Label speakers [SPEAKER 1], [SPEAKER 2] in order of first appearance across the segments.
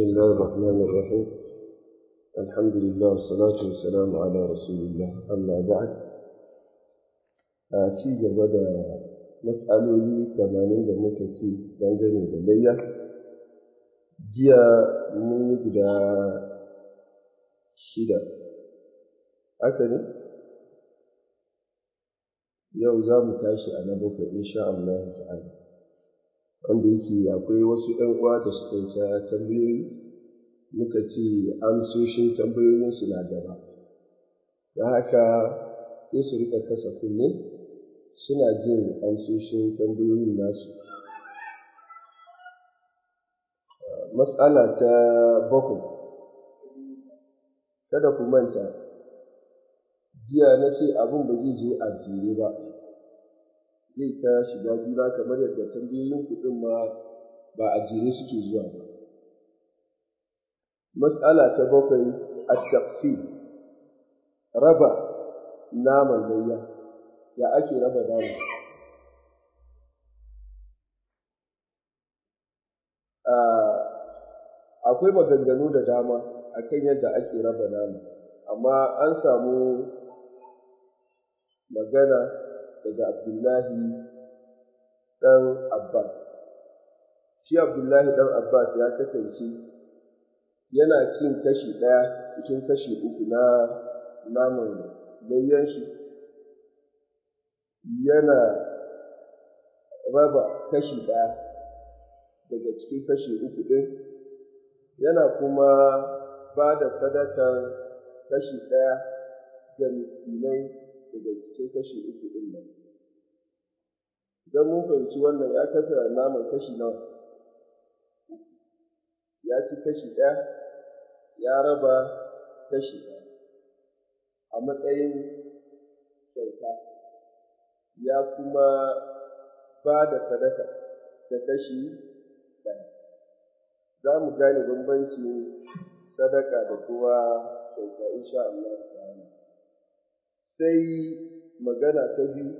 [SPEAKER 1] بسم الله الرحمن الرحيم الحمد لله والصلاة والسلام على رسول الله أما بعد أتي آه، جبدا مسألوني تمانين بمكتي بانجاني بلية جيا من يقدا شدا أكني يوزا متاشي أنا بك إن شاء الله تعالى wanda yake akwai wasu ‘yan uwa da suka yi ta tambayoyi muka ce amsoshin tambayoyinsu na gaba da haka sai su rika kasa kunne suna jin amsoshin tambayoyin nasu matsala ta bakwai kada ku manta jiya na ce abin ba zai zo a jere ba zai ta shiga juna kamar yadda tambayoyin kuɗin ma ba a jere suke zuwa ba. Matsala ta bakwai a tafi raba naman gayya ya ake raba nama. Akwai maganganu da dama a kan yadda ake raba nama, amma an samu magana daga Abdullahi ɗan Abbas. Shi Abdullahi ɗan Abbas ya kasance yana cin kashi ɗaya cikin kashi uku na naman layyan shi, yana raba kashi ɗaya daga cikin kashi uku ɗin, yana kuma ba da sadakar kashi ɗaya ga miskinai daga cikin kashi uku ɗin nan. Idan mun fahimci wannan ya kasa naman kashi nawa, ya ci kashi ɗaya, ya raba kashi a matsayin kyauta, ya kuma ba da sadaka da kashi ɗaya. Za mu gane bambancin sadaka da kuma kyauta insha Allah ta'ala. sai magana ta biyu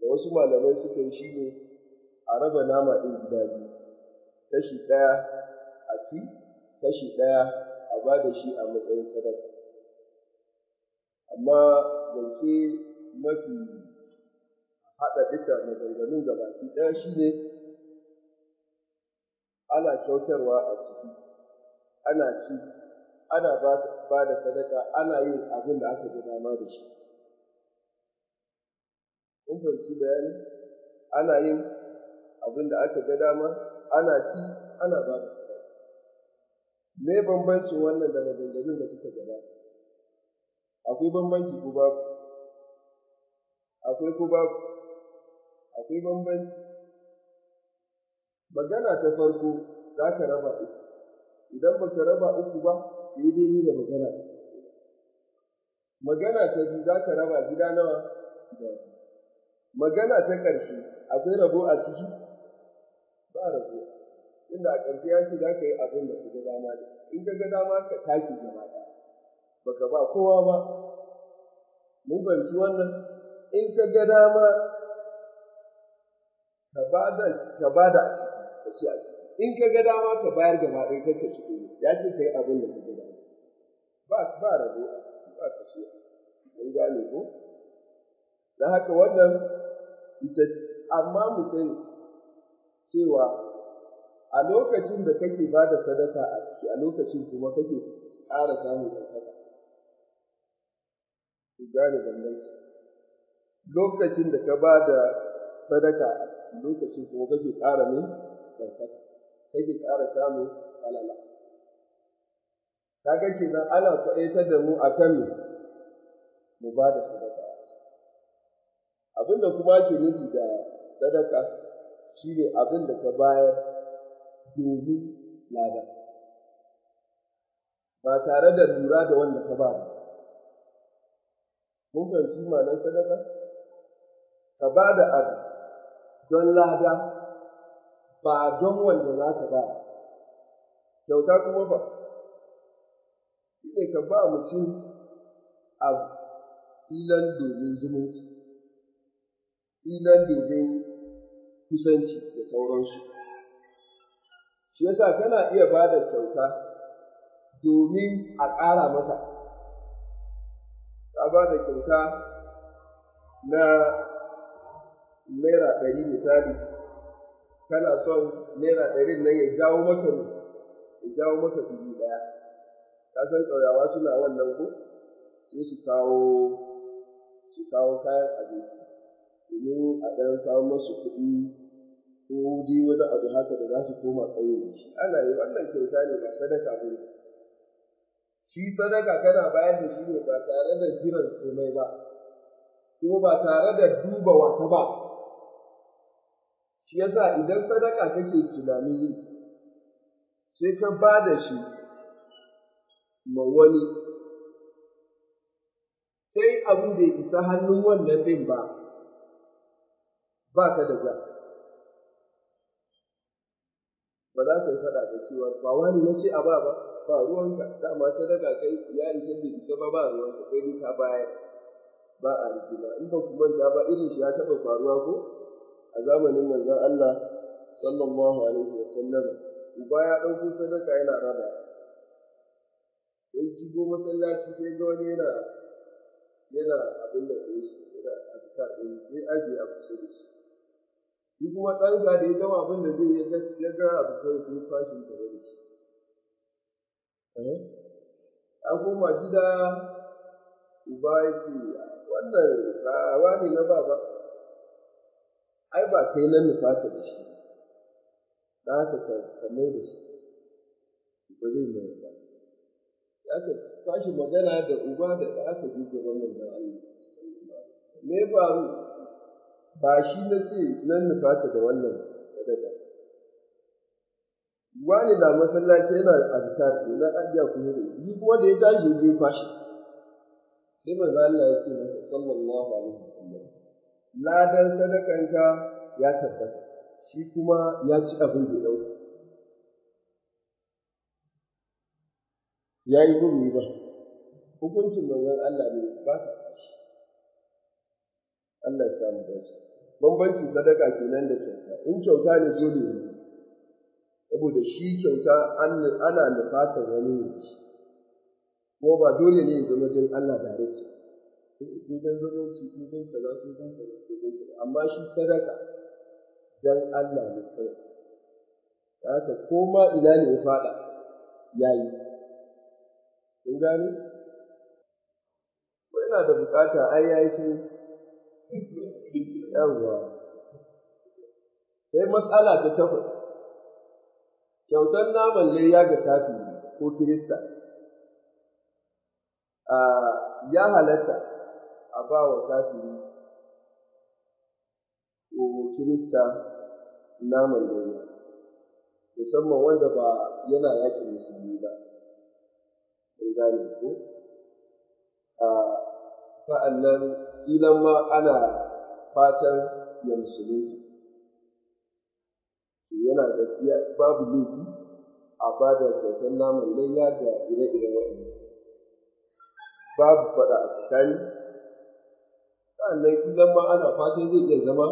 [SPEAKER 1] da wasu malamai suka yi shi ne a raba nama ɗin gida biyu, kashi ɗaya a ci, kashi ɗaya a ba da shi a matsayin sadaka. Amma zance mafi haɗa ita maganganun gabaki ɗaya shi ne ana kyautarwa a ciki, ana ci ana ba da sadaka ana yin abin da aka ga dama da shi kun bayani ana yin abin da aka ga dama ana ci ana ba da sadaka me bambancin wannan da maganganun da suka gaba akwai bambanci ko babu akwai ko babu akwai bambanci magana ta farko za ka raba ita idan ba ka raba uku ba sai dai ni da magana magana ta biyu za ka raba gida nawa magana ta ƙarshe akwai rabo a ciki ba rabo inda a ƙarshe ya ce za ka yi abin da ka ga dama da? in ka ga dama ka tashi gaba ɗaya baka ba kowa ba mun fahimci wannan in ka ga dama ka ba da ka ba da ka ce a ciki in ka ga dama ka bayar gaba ɗaya kake cikin ya ce kai abin da ka ga dama ba ba rabo ba ka ce an gane ko dan haka wannan ita amma mu sani cewa a lokacin da kake ba da sadaka a ciki a lokacin kuma kake ƙara samun sadaka ku gane bambanci lokacin da ka ba da sadaka a lokacin kuma kake ƙara ne sadaka take ƙara samun alala. Kaga nan ana kwaɗaitar da mu a kan mu ba da sadaka. Abin da kuma ake nufi da sadaka shi ne abin da ka bayar domin lada. Ba tare da lura da wanda ka ba ba. Mun fahimci ma'anar sadaka? Ka ba da abu don lada ba don wanda za ka ba kyauta kuma ba shi ne ka ba mutum a filan domin zumunci filan domin kusanci da sauransu shi yasa kana iya ba da kyauta domin a ƙara masa ka ba da kyauta na naira ɗari misali kana son naira ɗarin nan ya jawo maka ne ya jawo maka dubu ɗaya ka san ƙauyawa suna wannan ko sai su kawo su kawo kayan abinci domin a ɗan samu masu kuɗi ko dai wani abu haka da za su koma ƙauye da shi ana yi wannan kyauta ne ba sadaka ba ne shi sadaka kana bayar da shi ne ba tare da jiran komai ba ko ba tare da duba wata ba shi yasa idan sadaka kake tunani sai ka ba da shi ma wani sai abin da isa hannun wannan ɗin ba ba ka da za ba za ka yi faɗa da cewa ba wani na ce a ba ba ba ruwanka ma sadaka kai ya rike da ita ba ba ruwanka kai ni ka baya. ba a rikina in ba ku ba irin shi ya taɓa faruwa ko a zamanin manzon Allah sallallahu alaihi wa sallam uba ya ɗauko sadaka yana raba sai shigo masallaci sai ga wani yana yana abin da ɗaya shi yana azka ɗin sai aje a kusa da shi shi kuma ɗan da ya gama abin da zai ya ga abu kawai sai fashin tare da shi eh? a koma gida uba ce wannan ba ne na baba ai ba kai nan nufata da shi da haka ka mai da shi ba zai mai ba aka tashi magana da uba da da aka ji gaban manzon Allah me faru ba shi na ce nan nufata da wannan sadaka wani da masallaci yana da azkar na ajiya kuma da yi kuma da ya tashi je kwashi sai manzon Allah ya ce masa sallallahu alaihi wasallam ladan sadakanka ya tabbata shi kuma ya ci abin da ɗauka ya yi gumi ba hukuncin manzon Allah ne ba ka tashi Allah ya samu dace bambanci sadaka kenan da kyauta in kyauta ne dole ne saboda shi kyauta ana nufatar wani ne ko ba dole ne ya zama don Allah da rikici ko zama zumunci ko don kaza ko don kaza ko don kaza amma shi sadaka dan Allah ne kawai haka ko ma ina ne ya fada yayi kun gane ko yana da bukata ai yayi shi yawwa sai matsala ta takwas kyautar naman layya ga kafiri ko kirista ya halatta a ba wa kafiri ko kirista naman duniya musamman wanda ba yana yaki musulmi ba in gane ko a sa'an nan ilan ma ana fatan ya musulmi yana da babu laifi a ba da kyautar naman layya ga ire-iren waɗanda babu faɗa a tsakani sa'annan idan ma ana fatan zai iya zama